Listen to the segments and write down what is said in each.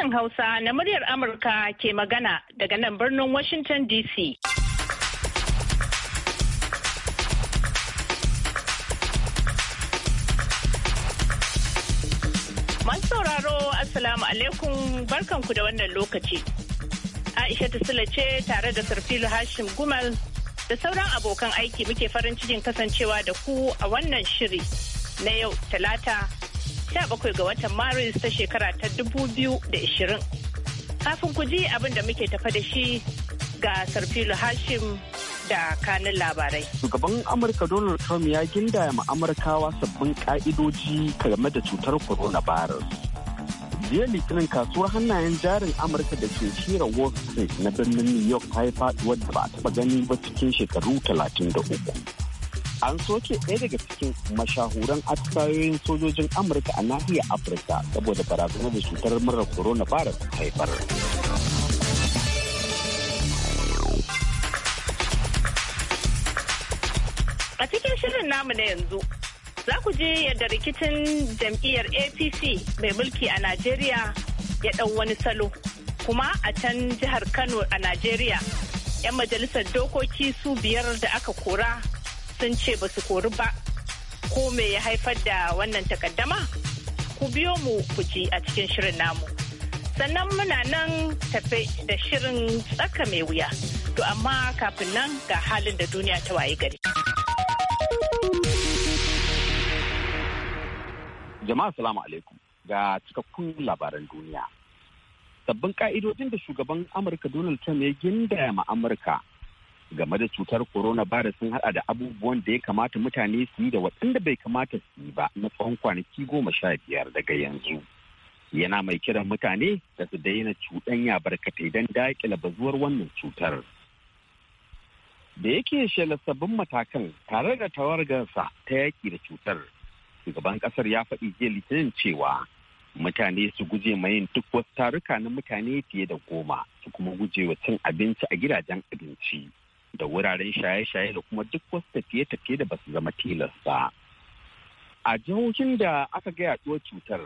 Sashen Hausa na muryar Amurka ke magana daga nan birnin Washington DC. Masu sauraro Assalamu alaikum barkanku da wannan lokaci. Aisha Sula ce tare da Sarfilu Hashim Gumal da sauran abokan aiki muke farin cikin kasancewa da ku a wannan shiri na yau talata 17 ga watan Maris ta shekara ta dubu biyu da 2020. Kafin ku ji abin da muke tafa da shi ga Sarfilu Hashim da kanin labarai. Shugaban Amurka Donald Trump ya gindaya ma sabbin ka'idoji game da cutar coronavirus. jiya litinin kasuwar hannayen jarin amurka da ke shira wall street na birnin new york ta yi faduwar da ba a taba gani ba cikin shekaru talatin da uku. an soke ɗaya daga cikin mashahuran atisayoyin sojojin amurka a nahiyar afirka saboda barazanar da cutar mura coronavirus haifar a cikin shirin namu na yanzu za ku je yadda rikicin jam'iyyar apc mai mulki a najeriya ya ɗau wani salo kuma a can jihar kano a najeriya 'yan majalisar dokoki su biyar da aka kora sun ce ba su kori ba ko me ya haifar da wannan takaddama ku biyo mu ku ji a cikin shirin namu sannan muna nan tafe da shirin tsaka mai wuya to amma kafin nan ga halin da duniya ta waye gari jama'a salamu alaikum ga cikakkun labaran duniya sabbin ka'idodin da shugaban amurka donald trump ya gindaya ma amurka game da cutar coronavirus sun hada da abubuwan da ya kamata mutane su yi da waɗanda bai kamata su yi ba na tsawon kwanaki goma sha biyar daga yanzu. Yana mai kiran mutane da su daina cuɗanya barkatai don daƙila bazuwar wannan cutar. Da yake shela sabbin matakan tare da tawargarsa ta yaƙi da cutar, shugaban ƙasar ya faɗi jiya litinin cewa mutane su guje ma yin duk wasu taruka na mutane fiye da goma su kuma guje wa cin abinci a gidajen abinci da wuraren shaye-shaye da kuma duk wasu tafiye-tafiye da basu zama tilas ba. A jihohin da aka gaya yaduwar cutar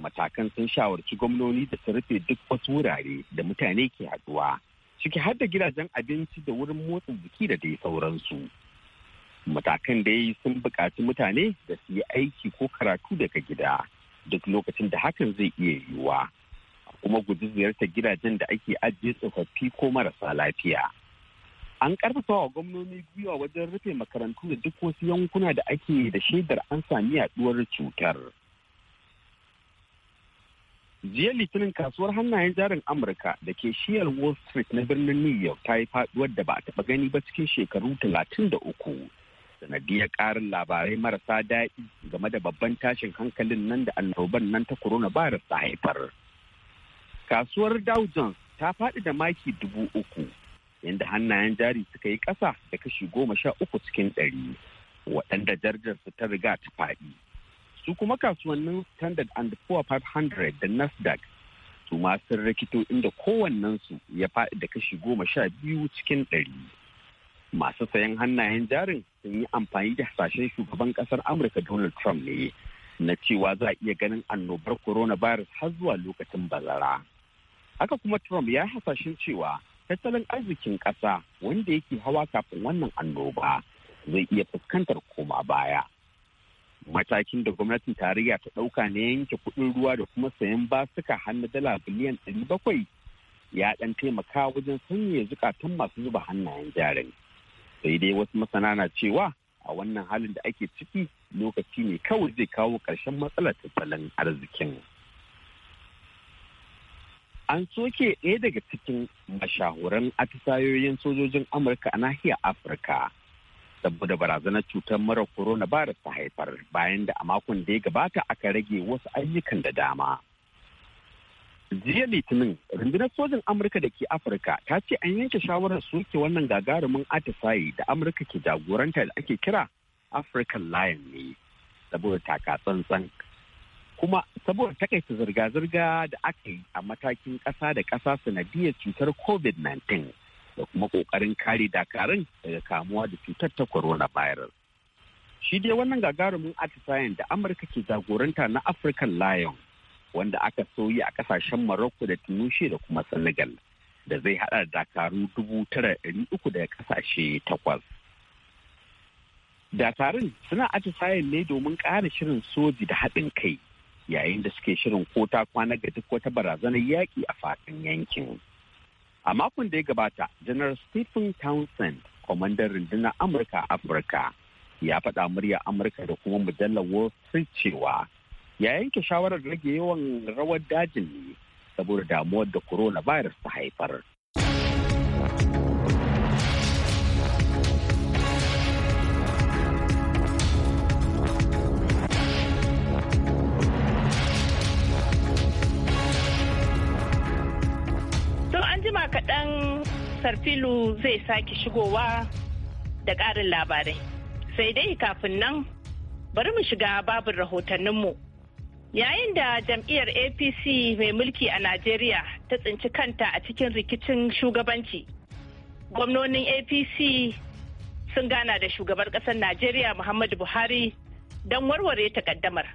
matakan sun shawarci gwamnoni da su rufe duk wasu wurare da mutane ke haduwa ciki har da gidajen abinci da wurin motsa jiki da dai sauransu. Matakan da yi sun buƙaci mutane da su yi aiki ko karatu daga gida duk lokacin da hakan zai iya yiwuwa. kuma guji ziyartar gidajen da ake ajiye tsofaffi ko marasa lafiya. an karfafa wa gwamnoni gwiwa wajen rufe makarantu da duk wasu yankuna da ake da shaidar an sami yaduwar cutar. jiya litinin kasuwar hannayen jarin amurka da ke shiyar wall street na birnin new york ta yi faduwar da ba a taba gani ba cikin shekaru talatin da uku sanadiyar karin labarai marasa daɗi game da babban tashin hankalin nan da annoban nan ta coronavirus ta haifar kasuwar dow jones ta faɗi da maki dubu uku inda hannayen jari suka yi ƙasa da kashi goma sha uku cikin ɗari waɗanda darajar su ta riga ta faɗi su kuma kasuwannin standard and poor 500 da nasdaq su ma sun rikito inda kowannensu ya faɗi da kashi goma sha biyu cikin ɗari masu sayan hannayen jarin sun yi amfani da hasashen shugaban ƙasar amurka donald trump ne na cewa za a iya ganin annobar coronavirus har zuwa lokacin bazara haka kuma trump ya hasashen cewa tattalin arzikin ƙasa wanda yake hawa kafin wannan annoba zai iya fuskantar koma baya. Matakin da gwamnatin tarayya ta ɗauka na yanke kuɗin ruwa da kuma sayan basuka hannu dala biliyan ɗari bakwai ya ɗan taimaka wajen sanya zukatan masu zuba hannayen jarin. Sai dai wasu masana na cewa a wannan halin da ake ciki lokaci ne kawai zai kawo ƙarshen matsalar tattalin arzikin. an soke ɗaya daga cikin mashahuran atisayoyin sojojin amurka a nahiyar afirka saboda barazanar cutar mara coronavirus ta haifar bayan da a makon da ya gabata aka rage wasu ayyukan da dama jiya litinin rundunar sojin amurka da ke afirka ta ce an yanke shawarar soke wannan gagarumin atisayi da amurka ke jagoranta da ake kira african lion ne saboda takatsantsan kuma saboda takaita zirga-zirga da aka yi a matakin ƙasa da ƙasa sanadiyar cutar covid-19 da kuma ƙoƙarin kare dakarun daga kamuwa da cutar ta coronavirus. Shi dai wannan gagarumin atisayen da Amurka ke jagoranta na African Lion wanda aka soyi a ƙasashen Morocco da Tunisia da kuma Senegal da zai haɗa dakaru dubu tara ɗari uku daga ƙasashe takwas. Dakarun suna atisayen ne domin ƙara shirin soji da haɗin kai yayin da suke shirin ko ta kwana ga duk wata barazanar yaƙi a faɗin yankin. A makon da ya gabata, Janar Stephen Townsend, kwamandan rundunar Amurka a Afirka, ya faɗa murya Amurka da kuma mujallar Wall Street cewa ya yanke shawarar rage yawan rawar dajin ne saboda damuwar da coronavirus ta haifar. jima kaɗan sarfilu zai sake shigowa da ƙarin labarai sai dai kafin nan bari mu shiga babin rahotanninmu yayin da jam'iyyar apc mai mulki a najeriya ta tsinci kanta a cikin rikicin shugabanci gwamnonin apc sun gana da shugaban ƙasar najeriya muhammadu buhari don warware takaddamar.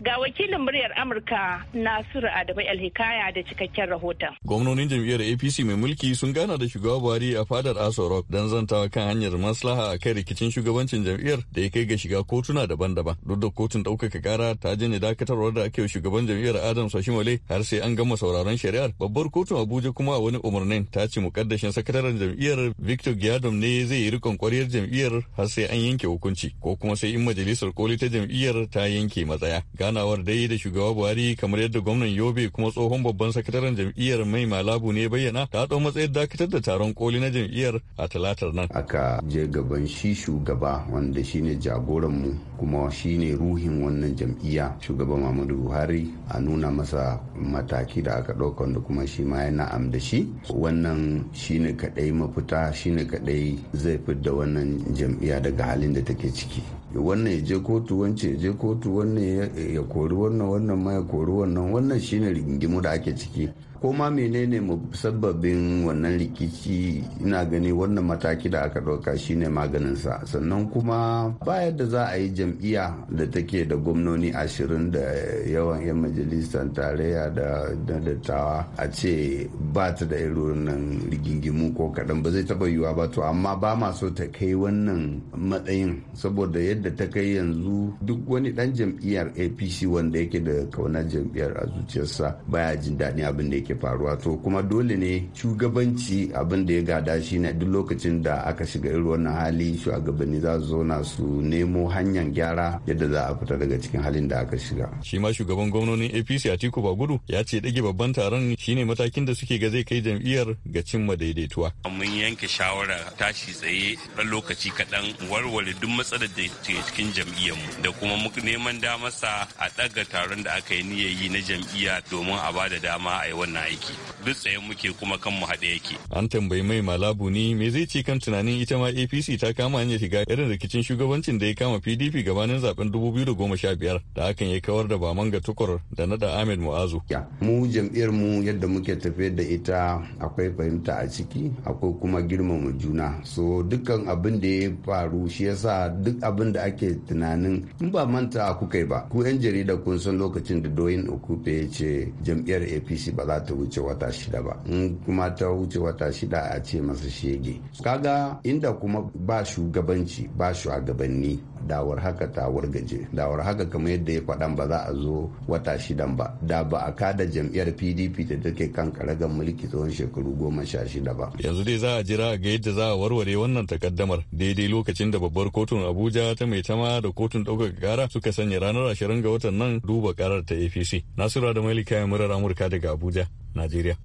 Ga wakilin muryar Amurka Nasiru Adamu Alhikaya da cikakken rahoton. Gwamnonin jam'iyyar APC mai mulki sun gana da shugaba Buhari a fadar Aso Rock don zantawa kan hanyar maslaha a kan rikicin shugabancin jam'iyyar da ya kai ga shiga kotuna daban-daban. Duk da kotun ɗaukaka gara ta janye dakatarwar da ake shugaban jam'iyyar Adam shimale har sai an gama sauraron shari'ar. Babbar kotun Abuja kuma a wani umarnin ta ce mukaddashin sakataren jam'iyyar Victor Giadom ne zai yi rikon kwaryar jam'iyyar har sai an yanke hukunci ko kuma sai in majalisar koli ta jam'iyyar ta yanke matsaya. ganawar dai da shugaba buhari kamar yadda gwamnan yobe kuma tsohon babban sakataren jam'iyyar mai malabu ne bayyana ta ɗau matsayin dakatar da taron koli na jam'iyyar a talatar nan aka je gaban shi shugaba wanda shine jagoran mu kuma shine ruhin wannan jam'iyya shugaba muhammadu buhari a nuna masa mataki da aka ɗauka da kuma shi ma yana am shi wannan shine kaɗai mafita shine kaɗai zai fidda wannan jam'iyya daga halin da take ciki wannan ya je kotu wancan ya je kotu wannan ya kori wannan wannan ma ya kori wannan wannan shine rigingimu da ake ciki ko ma menene musabbabin wannan rikici ina gani wannan mataki da aka ɗauka shine maganin sa? sannan kuma ba yadda za a yi jam'iyya da take da gwamnoni ashirin da yawan 'yan majalisar tarayya da dattawa a ce ba ta da irin rigingimu ko kaɗan ba zai taɓa yiwuwa ba to amma ba ma so ta kai wannan matsayin saboda yadda ta kai yanzu duk wani ɗan jam'iyyar apc wanda yake da kaunar jam'iyyar a zuciyarsa baya jin daɗin abin da ke faruwa to kuma dole ne shugabanci abin da ya gada shi ne duk lokacin da aka shiga irin wannan hali shugabanni za su na su nemo hanyar gyara yadda za a fita daga cikin halin da aka shiga shi ma shugaban gwamnonin apc atiku bagudu ya ce dage babban taron shine matakin da suke ga zai kai jam'iyyar ga cimma daidaituwa mun yanke shawara tashi tsaye ɗan lokaci kaɗan warware duk matsalar da ke cikin jam'iyyarmu da kuma neman damasa a ɗaga taron da aka yi niyayi na jam'iyya domin a ba da dama a yi wannan wannan aiki duk tsaye muke kuma kanmu haɗe yake an tambayi mai malabu ne me zai ci kan tunanin ita ma apc ta kama hanyar shiga irin rikicin shugabancin da ya kama pdp gabanin zaben 2015 da hakan ya kawar da baman ga tukur da nada ahmed mu'azu mu jam'iyyar mu yadda muke tafe da ita akwai fahimta a ciki akwai kuma girmama juna so dukkan abin da ya faru shi yasa duk abin da ake tunanin in ba manta kuka yi ba ku yan jarida kun san lokacin da doyin okupe ya ce jam'iyyar apc ba za ta ta wuce wata shida ba in kuma ta wuce wata shida a ce masa shege kaga inda kuma ba shugabanci ba shugabanni dawar haka ta wargaje dawar haka kamar yadda ya faɗan ba za a zo wata shidan ba da ba a kada jam'iyyar pdp da take kan karagar mulki tsawon shekaru goma sha shida ba yanzu dai za a jira ga yadda za a warware wannan takaddamar daidai lokacin da babbar kotun abuja ta mai tama da kotun ɗaukaka kara suka sanya ranar ashirin ga watan nan duba karar ta apc nasura da malika murar amurka daga abuja najeriya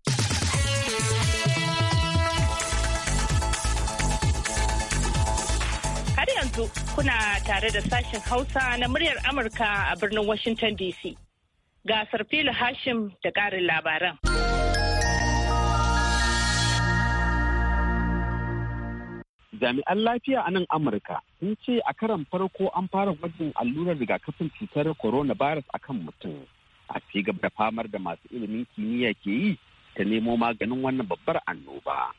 har yanzu kuna tare da sashen hausa na muryar amurka a birnin washington dc gasar fili hashim da ƙarin labaran jami'an lafiya a nan amurka sun ce a karan farko an fara gwajin allurar rigakafin cutar coronavirus a kan mutum a cigaba da famar da masu ilimin kimiyya ke yi ta nemo maganin wannan babbar annoba.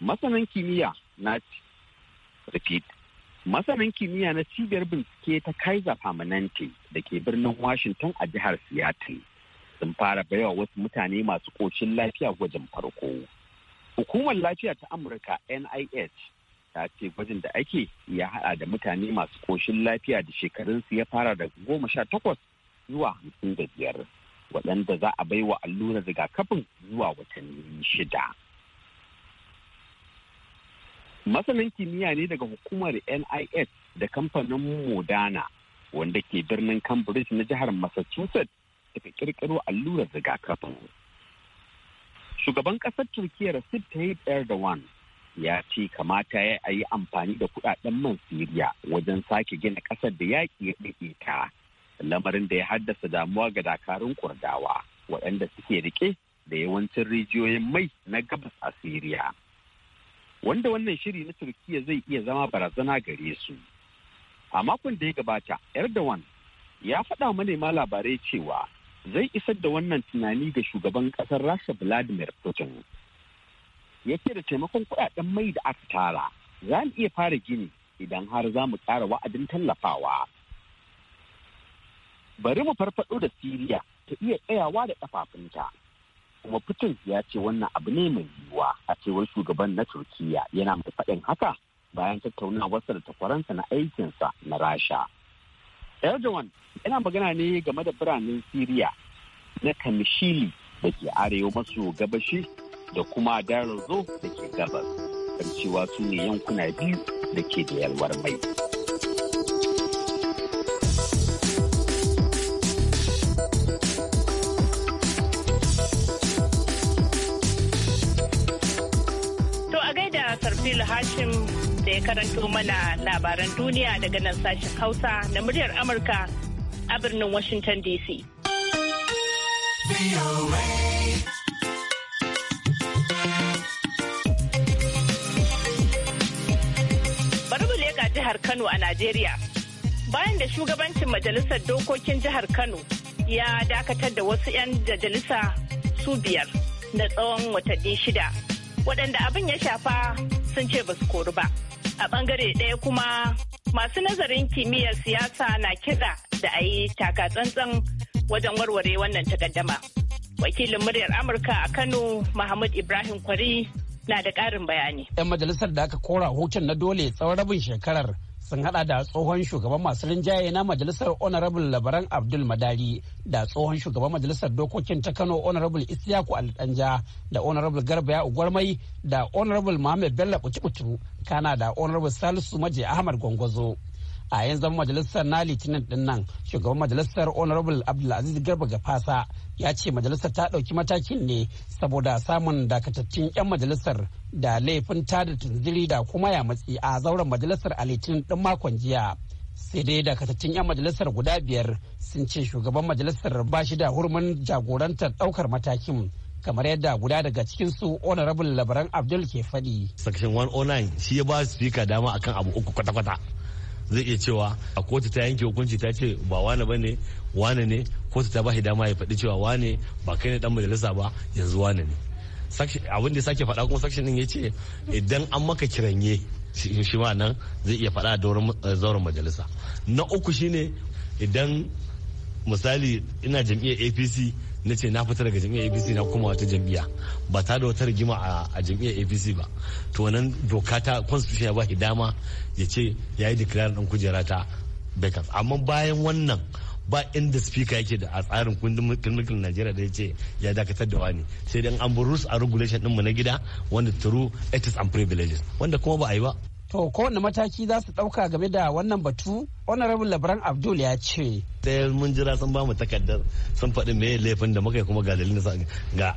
Masanan kimiyya na repeat Masanin kimiyya na cibiyar bincike ta Kaiser Permanente da ke birnin Washington a jihar Seattle sun fara baiwa wasu mutane masu ƙoshin lafiya gwajin farko. Hukumar lafiya ta Amurka NIH ta ce gwajin da ake ya haɗa da mutane masu ƙoshin lafiya da shekarunsu ya fara daga goma sha takwas zuwa hamsin da biyar waɗanda za a baiwa allurar rigakafin zuwa watanni shida. Masanin kimiyya ne daga hukumar NIS da kamfanin Modana wanda ke birnin Cambridge na jihar Massachusetts suka kirkiro allurar rigakafin. Shugaban ƙasar Turkiyya Recep Tayyip Erdogan ya ce kamata ya yi amfani da kuɗaɗen man Siriya wajen sake gina ƙasar da yaƙi ya ta lamarin da ya haddasa damuwa ga dakarun kurdawa waɗanda suke rike da yawancin rijiyoyin mai na gabas a siriya wanda wannan shiri na turkiya zai iya zama barazana gare su a makon da ya gabata erdogan ya faɗa manema labarai cewa zai isar da wannan tunani ga shugaban ƙasar rasha vladimir putin ya ce da taimakon kuɗaɗen mai da aka tara za mu iya fara gini idan har za mu ƙara wa'adin tallafawa bari mu farfado da siriya ta iya tsayawa da kafafunta kuma putin ya ce wannan abu ne mai yiwuwa a cewar shugaban na turkiya yana mai faɗin haka bayan tattaunawarsa da takwaransa na aikinsa na rasha erdogan yana magana ne game da biranen siriya na kamishili da ke arewa maso gabashi da kuma darazo da ke gabas kan cewa su ne yankuna biyu da ke da yalwar mai. Abdul Hashim da ya karanto mana labaran duniya daga nan sashen Hausa na muryar Amurka a birnin Washington DC. Bari mu jihar Kano a Najeriya. Bayan da shugabancin majalisar dokokin jihar Kano ya dakatar da wasu 'yan majalisa su biyar na tsawon watanni shida. waɗanda abin ya shafa sun ce ba su koru ba a bangare ɗaya kuma masu nazarin kimiyyar siyasa na kiɗa da a yi takatsantsan wajen warware wannan takaddama wakilin muryar amurka a kano mahmud ibrahim kwari na da ƙarin bayani yan majalisar da aka kora hutun na dole tsawon rabin shekarar sun hada da tsohon shugaban masu rinjaye na majalisar honorable labaran abdul madari da tsohon shugaban majalisar dokokin ta kano honorable Ali ɗanja da honorable garba ya ugwarmai da honorable mohammed bello kuci kana da honorable salisu maje ahmad gwangwazo a yanzu zama majalisar na litinin din nan shugaban majalisar honorable abdulaziz garba gafasa ya ce majalisar ta ɗauki matakin ne saboda samun dakatattun 'yan majalisar da laifin tada tunziri da kuma ya matsi a zauren majalisar a litinin din makon jiya sai dai dakatattun 'yan majalisar guda biyar sun ce shugaban majalisar ba shi da hurumin jagorantar ɗaukar matakin kamar yadda guda daga cikin su honorable labaran abdul ke faɗi. section 109 shi ya ba su speaker dama akan abu uku kwata-kwata zai iya cewa a kotu ta yanke hukunci ta ce ba wane ba ne wane ne kotu ta ba shi dama ya faɗi cewa wane ba kai ne dan majalisa ba yanzu wane ne abin da sake faɗa kuma sakshin din ya ce idan an maka kiranye shi ma nan zai iya faɗa da eh, zauren majalisa na uku shine idan misali ina jam'iyyar apc na ce na fita daga jam'iyyar apc na kuma wata jam'iyya ba ta da wata rigima a jam'iyyar apc ba to wannan doka ta constitution ya ba shi dama ya ce ya yi declare ɗan kujera ta bekas amma bayan wannan ba inda speaker yake da a tsarin kundin mulkin Najeriya da ya ce ya dakatar da wani sai dan an rules a regulation din mu na gida wanda turu ethics and privileges wanda kuma ba a yi ba To kowane mataki za su ɗauka game da wannan batu? Honorable Labran Abdul ya ce. Sai mun jira sun ba mu takardar sun faɗi me laifin da muka yi kuma ga dalilin ga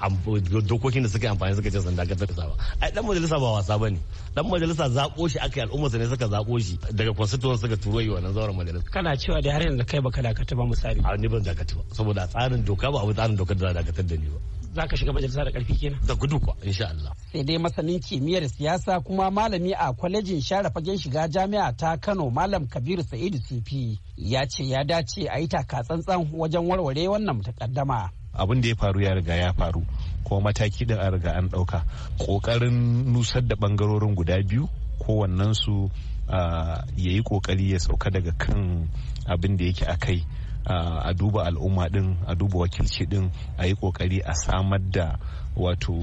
dokokin da suka amfani suka ce sun dakatar da ba. Ai dan majalisa ba wasa bane. Dan majalisa zaɓo shi aka yi al'umma ne suka zaɓo shi daga constituents suka turo yi wannan zauren majalisa. Kana cewa da har yanzu kai baka dakata ba misali. A ni ban dakata ba saboda tsarin doka ba abu tsarin dokar da za dakatar da ni ba. za ka shiga majalisa da karfi kenan da gudu kuwa insha Allah sai dai masanin kimiyyar siyasa kuma malami a kwalejin share fagen shiga jami'a ta Kano malam Kabiru Sa'idu Sufi ya ce ya dace a yi taka tsantsan wajen warware wannan takaddama abin da ya faru ya riga ya faru ko mataki da a riga an ɗauka ƙoƙarin nusar da bangarorin guda biyu kowannensu ah, ya yi ƙoƙari ya sauka daga kan abin da yake a kai a duba al'umma din a duba wakilci din a yi kokari a samar da wato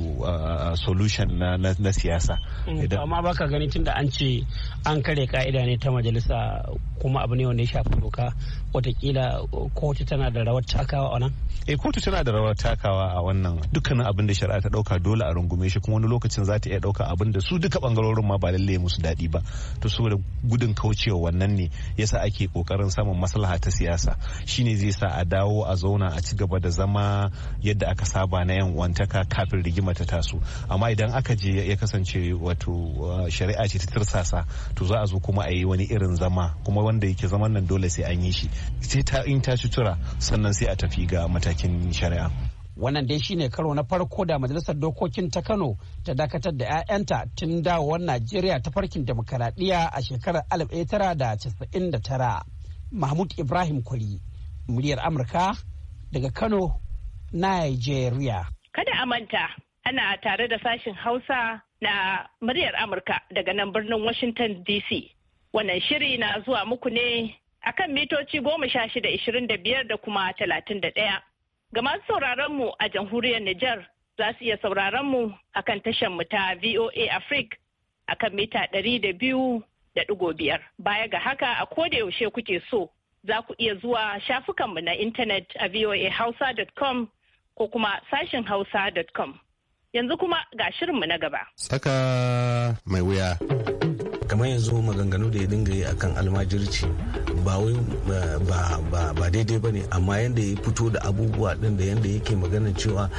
solution na, na, na siyasa mm, amma baka gani tunda da an ce an kare ka'ida ne ta majalisa kuma abu ne wanda ya shafi doka watakila kotu tana da rawar takawa a nan? eh kotu tana da rawar takawa a wannan dukkanin abin da shari'a ta dauka dole a rungume shi kuma wani lokacin za ta iya dauka abin da su duka bangarorin ma ba lalle musu daɗi ba to saboda gudun kaucewa wannan ne yasa ake kokarin samun maslaha ta siyasa shine zai sa a dawo a zauna a ci gaba da zama yadda aka saba na yan wantaka kafin rigima ta taso amma idan aka je ya kasance wato uh, shari'a ce ta tirsasa to za a zo kuma a yi wani irin zama kuma wanda yake zaman nan dole sai an yi shi sai ta in ta sutura sannan sai a tafi ga matakin shari'a wannan dai shine karo na farko da majalisar dokokin ta kano ta dakatar da 'ya'yanta tun dawowar najeriya ta farkin demokaradiyya a shekarar 1999 mahmud ibrahim kuli muryar amurka daga kano nigeria kada a manta ana tare da sashin hausa na muryar amurka daga nan birnin washington dc wannan shiri na zuwa muku ne akan mitoci goma sha shida ishirin da biyar da kuma talatin da ɗaya. Ga masu sauraron mu a jamhuriyar Nijar za su iya sauraron mu kan tashar mu ta VOA Africa a kan mita ɗari da biyu da ɗigo biyar. Baya ga haka a koda yaushe kuke so za ku iya zuwa shafukan mu na intanet a voahausa.com ko kuma sashin hausa.com. Yanzu kuma ga shirinmu na gaba. Tsaka mai wuya. kamar yanzu maganganu da ya dinga yi akan almajirci ba wai ba daidai ba ne amma yadda ya fito da abubuwa din da yadda yake magana cewa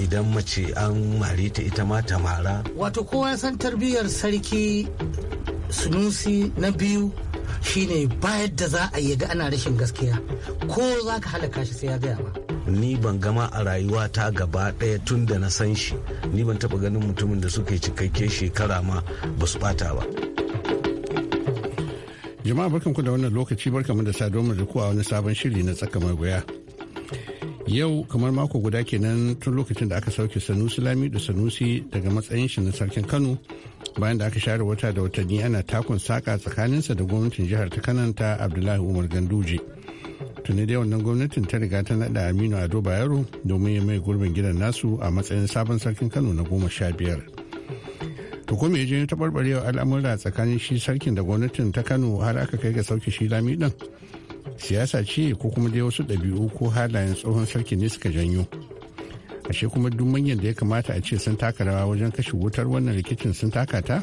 idan mace an mare ta ita ma ta mara wato kowa ya san tarbiyyar sarki sunusi na biyu shine bayar da za a yi ga ana rashin gaskiya ko za ka halaka shi sai ya gaya ba ni ban gama a rayuwa ta gaba ɗaya tun da na san shi ni ban taɓa ganin mutumin da suka yi cikakke shekara ma ba su ɓata ba jama'a barkanku da wannan lokaci barkanmu da mu da kuwa wani sabon shiri na tsaka magoya yau kamar mako guda kenan tun lokacin da aka sauke sanusi lami da sanusi daga matsayin shi na sarkin kano bayan da aka share wata da watanni ana takun saka tsakaninsa da gwamnatin jihar ta kananta abdullahi umar ganduje tuni dai wannan gwamnatin ta riga ta naɗa aminu ado bayero domin ya mai gurbin gidan nasu a matsayin sabon sarkin kano na goma sha biyar to kuma ya je ta barbarewa al'amura tsakanin shi sarkin da gwamnatin ta kano har aka kai ga sauke shi lami din siyasa ce ko kuma dai wasu ɗabi'u ko halayen tsohon sarki ne suka janyo ashe kuma duk manyan da ya kamata a ce sun taka rawa wajen kashe wutar wannan rikicin sun taka ta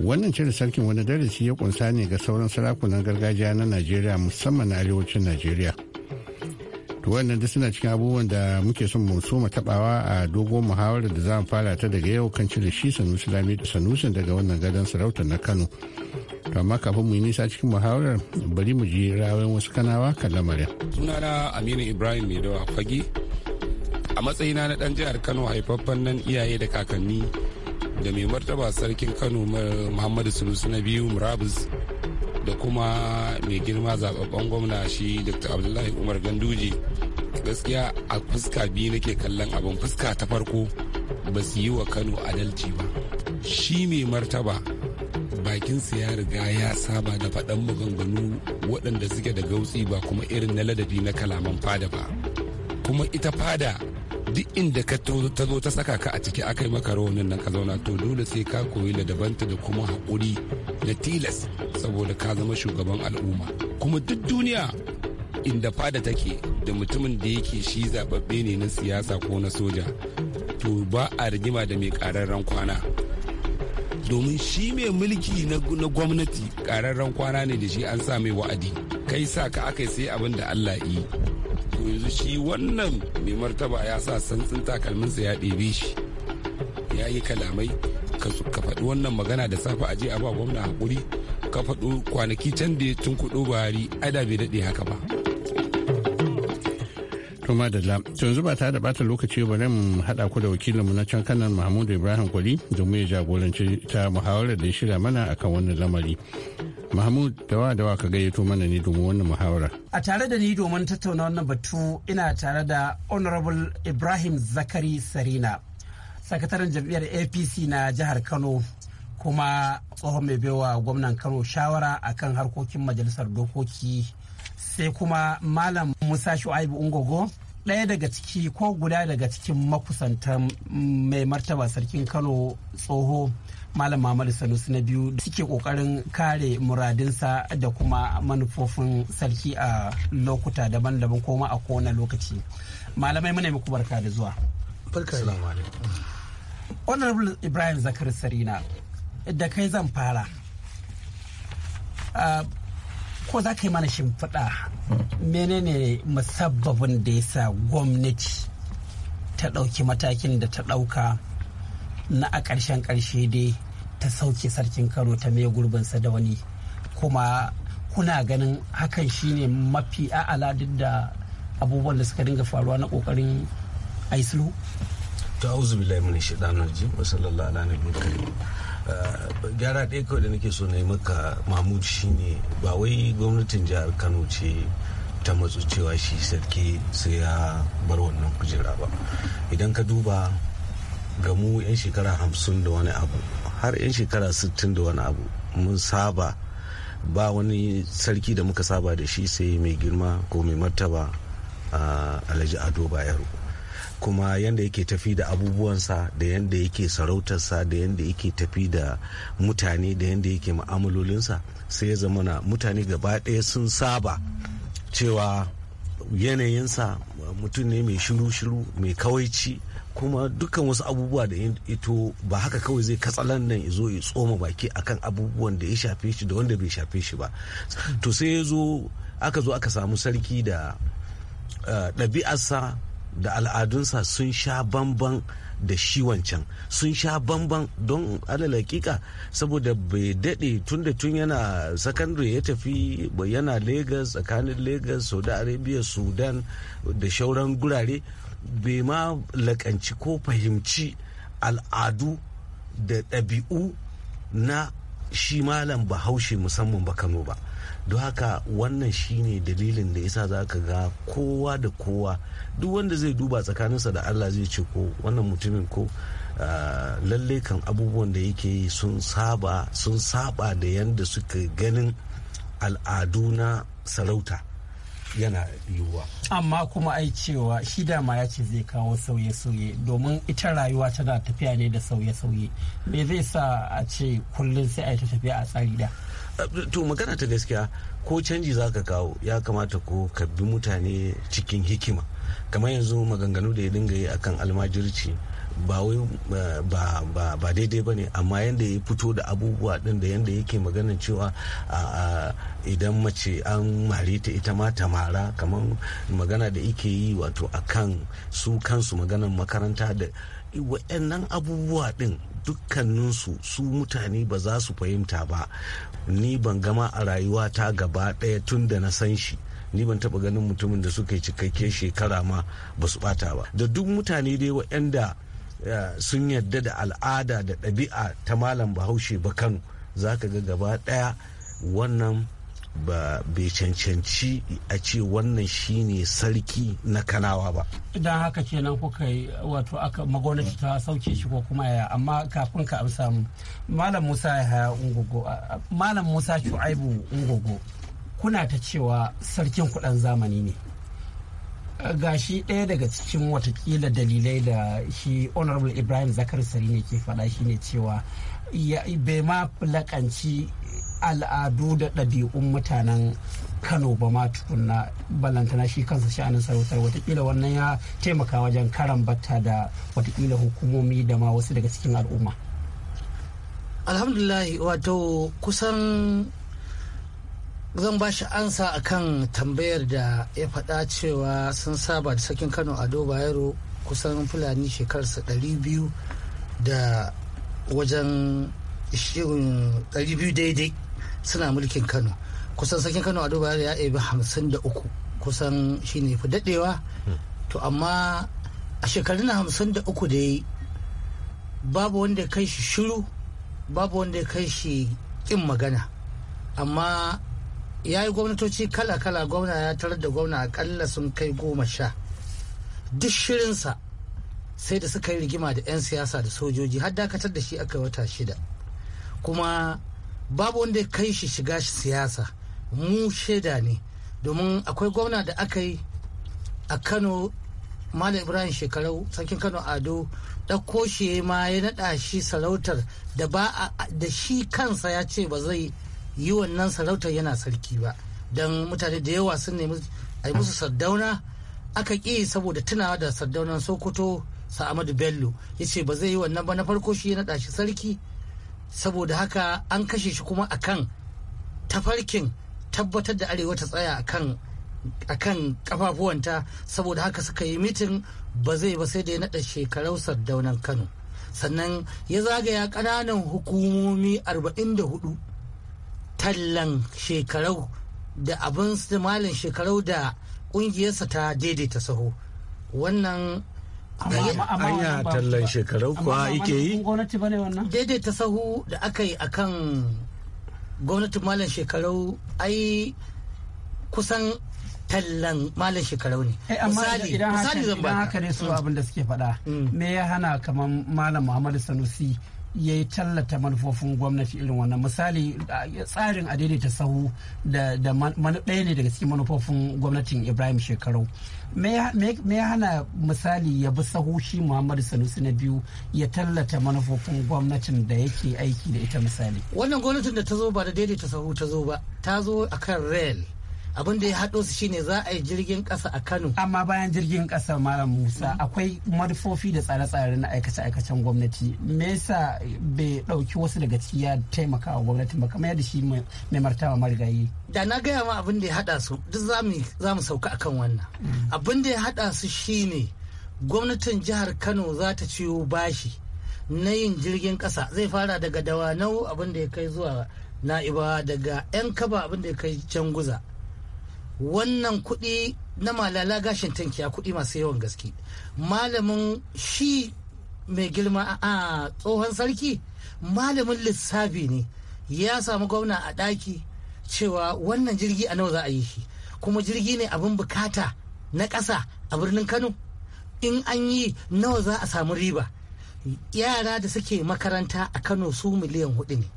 wannan cire sarkin wani darasi ya kunsa ne ga sauran sarakunan gargajiya na najeriya musamman na arewacin najeriya to wannan da suna cikin abubuwan da muke son mu so tabawa a dogon muhawarar da za mu fara ta daga yau kan cire shi sanusi lami da sanusin daga wannan gadon sarauta na kano to amma kafin mu yi nisa cikin muhawarar bari mu ji rawayin wasu kanawa kan lamarin sunana aminu ibrahim mai dawa fage a matsayina na dan jihar kano haifaffen nan iyaye da kakanni da mai martaba sarkin kano muhammadu sulusu na biyu murabus da kuma mai girma zababben gwamna shi dr abdullahi umar Ganduji gaskiya a fuska biyu nake kallon abin fuska ta farko ba su yi wa kano adalci ba shi mai martaba bakinsa ya riga ya saba da faɗan maganganu waɗanda suke da gautsi ba kuma irin na ladabi na kalaman fada ba kuma ita fada duk inda ka ta zo ta saka ka a ciki aka yi maka rawanin nan ka zauna to dole sai ka koyi ladabanta da kuma haƙuri na tilas saboda ka zama shugaban al'umma kuma duk duniya inda fada take da mutumin da yake shi zababbe ne na siyasa ko na soja to ba a rigima da mai ƙararren kwana domin shi mai mulki na gwamnati ƙararren kwana ne da shi an sa mai wa'adi kai sa ka aka sai abin da allah yi shi wannan mai martaba ya sa santsin takalminsa ya ɗebe shi ya yi kalamai ka faɗi wannan magana da safe a je a ba gwamna hakuri ka faɗo kwanaki can da ya tun kuɗo buhari ada bai daɗe haka ba Tuma da la, yanzu ba ta da bata lokaci bari mu haɗa ku da wakilinmu na can kanan Mahmud Ibrahim Kwali domin ya jagoranci ta muhawarar da ya shirya mana akan wannan lamari. Mahmud dawa dawa ka gayyato mana ne domin wannan muhawara. A tare da ni domin tattauna wannan batu ina tare da Honorable Ibrahim Zakari Sarina, sakataren jam'iyyar APC na jihar Kano kuma tsohon mai baiwa gwamnan Kano shawara akan harkokin majalisar dokoki sai kuma Malam musa shu'aibu ungogo ɗaya daga ciki ko guda daga cikin makusantan mai martaba sarkin kano tsoho malam Muhammadu sanusi na biyu suke ƙoƙarin kare muradinsa da kuma manufofin sarki a lokuta daban-daban ma a kowane lokaci malamai muna muku barka da zuwa honorable ibrahim zakar sarina da kai zan fara ah, ko za ka yi mana shimfiɗa menene musabbabin da ya sa gwamnati ta ɗauki matakin da ta ɗauka na a ƙarshen ƙarshe dai ta sauke sarkin karo ta mai gurbinsa da wani kuma kuna ganin hakan shine mafi a'ala duk da abubuwan da suka dinga faruwa na ƙoƙarin aislu ta auzu billahi min shaitanir rajim wa sallallahu Eh, gyara ɗaya kawai da nake so na yi maka mahmud ne ba wai gwamnatin jihar kano ce ta matsu cewa shi sarki sai ya bar wannan kujera ba idan ka duba ga mu 'yan shekara hamsin da wani abu har 'yan shekara sittin da wani abu mun saba ba wani sarki da muka saba da shi sai mai girma ko mai martaba eh, alhaji ado bayero kuma yadda yake tafi da abubuwansa da yadda yake sarautarsa da yadda yake tafi da mutane da yadda yake ma'amalolinsa sai ya zama na mutane gaba ɗaya sun saba cewa yanayinsa mutum ne mai shiru-shiru mai kawaici kuma dukkan wasu abubuwa da ito ba haka kawai zai katsalan nan zo ya tsoma baki akan abubuwan da ya shafe shi da wanda bai shafe shi ba to sai ya zo aka zo aka samu sarki da eh, ɗabi'arsa da al'adunsa sun sha bamban da shi wancan sun sha bamban don alal hakika saboda bai daɗe tun da tun yana secondary ya tafi yana lagos tsakanin lagos saudi arabia sudan da shauran gurare bai ma lakanci ko fahimci al'adu da ɗabi'u na shi malam bahaushe musamman ba kano ba don haka wannan shine dalilin da yasa za ka ga kowa da kowa duk wanda zai duba tsakaninsa da allah zai ce ko wannan mutumin ko ah, lalle kan abubuwan da yake yi sun saba sun saba da yadda suka ganin al'adu na sarauta yana yiwuwa amma kuma ai cewa shi dama ya ce zai kawo sauye-sauye domin ita rayuwa tana tafiya ne da sauye-sauye me zai sa a ce kullum sai a yi ta tafiya a tsari da to magana ta gaskiya ko canji za ka kawo ya kamata ko ka bi mutane cikin hikima kamar yanzu maganganu da ya dinga yi akan almajirci ba wai ba daidai ba ne amma yadda ya fito da abubuwa din da yadda yake magana cewa idan mace an mare ta ita ma ta mara kamar magana da ike yi wato a kan su kansu maganan makaranta da waɗannan abubuwa ɗin dukkaninsu su mutane ba za su fahimta ba ni ban gama a rayuwa ta gaba ɗaya tun da na san shi ni ban taɓa ganin mutumin da suka yi cikakke shekara ma ba su ɓata ba da duk mutane dai waɗanda sun yadda da al'ada da ɗabi'a ta malam bahaushe ba kano za ka ga gaba ɗaya wannan ba bai cancanci a ce wannan shine sarki na kanawa ba idan haka ce nan kuka yi wato aka magwamnati ta sauke shi ko kuma yaya amma kafin ka amsa mu malam musa ya haya ungogo malam musa shu'aibu ungogo kuna ta cewa sarkin kudan zamani ne gashi ɗaya daga cikin watakila dalilai da shi honorable ibrahim zakar sari ne ke faɗa ne cewa bai ma lakanci al'adu da ɗabi'un mutanen kano ba ma tukunna ballantana shi kansa sha'anin sarautar watakila wannan ya taimaka wajen karambata da watakila hukumomi da ma wasu daga cikin al'umma alhamdulillah wato kusan zan ba shi ansa akan tambayar da ya faɗa cewa sun saba da sakin kano ado bayero kusan fulani shekarsa 200 da wajen 200 daidai suna mulkin kano kusan sakin kano ado bayero ya ebi 53 kusan shine fi daɗewa to amma a shekarun 53 da ya yi babu wanda ya kai shi shiru babu wanda ya kai shi kin magana amma ya yi gwamnatoci kala-kala gwamna ya tarar da gwamna akalla sun kai goma sha duk shirinsa sai da suka yi rigima da 'yan siyasa da sojoji har dakatar da shi aka wata shida kuma babu wanda ya kai shi shiga siyasa mu shaida ne domin akwai gwamna da aka yi a kano malam ibrahim shekarau sarkin kano ado ɗauko shi ma ya naɗa shi sarautar da ba da shi kansa ya ce ba zai yi wannan sarauta yana sarki ba don mutane da yawa sun nemi a yi musu sardauna aka ƙi saboda tunawa da sardaunan sokoto sa'amadu bello ya ce ba zai yi wannan ba na farko shi ya naɗa shi sarki saboda haka an kashe shi kuma a kan tafarkin tabbatar da arewa ta tsaya a kan kafafuwanta saboda haka suka yi mitin ba zai ba sai da ya naɗa shekarau sardaunan kano sannan ya zagaya ƙananan hukumomi 44 tallan shekarau da abin malin shekarau da ƙungiyarsa ta daidaita saho wannan anya tallan shekarau kuwa ike yi daidaita sahu da aka yi a kan gwamnatin malam shekarau ai kusan tallan malam shekarau ne eh, misali idan haka ne su mm. abin da suke faɗa mm. me ya hana kamar malam muhammadu sanusi ya yi tallata manufofin gwamnati irin wannan misali tsarin a daidaita sahu da ɗaya ne daga cikin manufofin gwamnatin ibrahim shekarau me ya hana misali ya bi sahu shi muhammadu sanusi na biyu ya tallata manufofin gwamnatin da yake aiki da ita misali wannan gwamnatin da ta zo ba da daidaita sahu ta zo ba ta zo a kan rail abin da ya haɗo su shine za a yi jirgin ƙasa a Kano. Amma bayan jirgin ƙasa Malam Musa akwai manufofi da tsare-tsare na aikace-aikacen gwamnati. Me yasa bai ɗauki wasu daga ciki ya taimaka wa gwamnati ba kamar yadda shi mai martaba marigayi. Da na gaya ma abin da ya haɗa su duk za mu sauka akan wannan. Mm. Abin da ya haɗa su shine gwamnatin jihar Kano za ta ciwo bashi na yin jirgin ƙasa zai fara daga dawanau abin da ya kai zuwa na'ibawa daga 'yan kaba abin da ya kai can guza. wannan kuɗi na malala gashin tankiya kuɗi masu yawan gaske malamin shi mai girma a tsohon sarki malamin lissafi ne ya samu gwamna a ɗaki cewa wannan jirgi a nawa za a yi shi kuma jirgi ne abin bukata na ƙasa a birnin kano in an yi nawa za a samu riba yara da suke makaranta a kano su miliyan hudu ne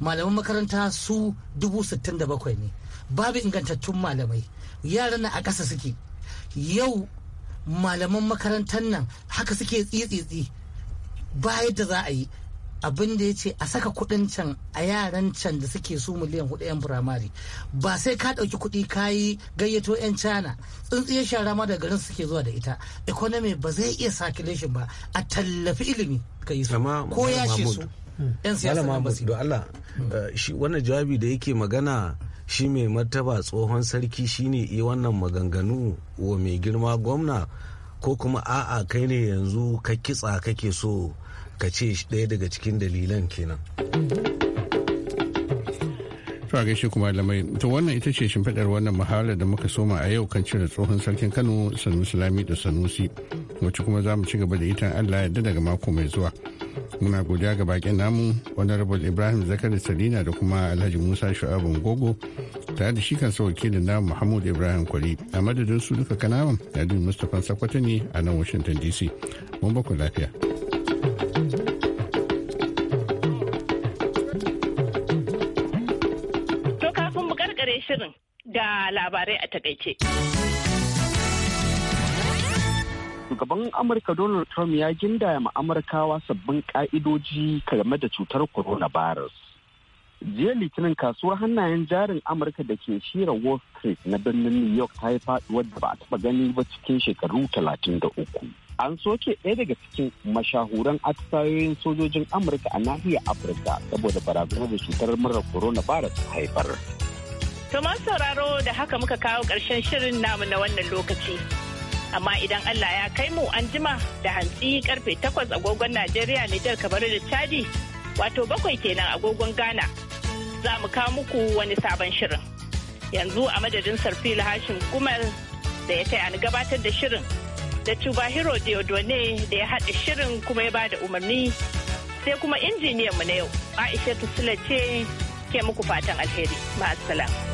malaman makaranta su dubu sittin da bakwai ne babu ingantattun malamai yaran na a ƙasa suke yau malaman makarantar nan haka suke tsitsitsi ba yadda za a yi abin da ya ce a saka kudin can a yaran can da suke su miliyan hudu yan firamare ba sai ka ɗauki kuɗi ka yi gayyato yan cana tsuntsiye shara ma da garin suke zuwa da ita economy ba zai iya circulation ba a tallafi ilimi ka yi su ko ya su yan siyasa na da eh, wannan jawabi da yake magana shi mai martaba tsohon sarki shine ne wannan maganganu wa mai girma gwamna ko kuma a'a kai ne yanzu ka kitsa kake so ka ce ɗaya daga cikin dalilan kenan. to gaishe kuma lamai to wannan ita ce shimfiɗar wannan muhalar da muka soma a yau kan cire tsohon sarkin kano sanusi lami da sanusi wacce kuma za mu ci gaba da ita allah yadda daga mako mai zuwa muna godiya ga bakin namu honorable ibrahim zakari salina da kuma alhaji musa shu'abun gogo tare da shi kansa wakilin namu muhammadu ibrahim kwari a madadin su duka kanawan dun mustapha sakwata ne a nan washington dc mun baku lafiya to kafin mu shirin da labarai a takaice shugaban amurka donald trump ya ginda ma amurkawa sabbin ka'idoji game da cutar corona coronavirus jiya litinin kasuwar hannayen jarin amurka da ke shira wall street na birnin new york ta yi faduwar da ba a taba gani ba cikin shekaru 33 an soke ɗaya daga cikin mashahuran atisayoyin sojojin amurka a nahiyar afirka saboda barazanar da cutar corona coronavirus ta haifar To sauraro da haka muka kawo ƙarshen shirin namu na wannan lokaci. amma idan Allah ya kai mu an jima da hantsi karfe takwas agogon Najeriya Nijar kamar da Chadi wato bakwai kenan agogon Ghana za mu kawo muku wani sabon shirin yanzu a madadin Sarfil Hashim gumal da ya taya ni gabatar da shirin da Chubahiro Diodone da ya haɗa shirin kuma ya bada umarni sai kuma injiniyan mu na yau Aisha Tusula ce ke muku fatan alheri ma'assalam.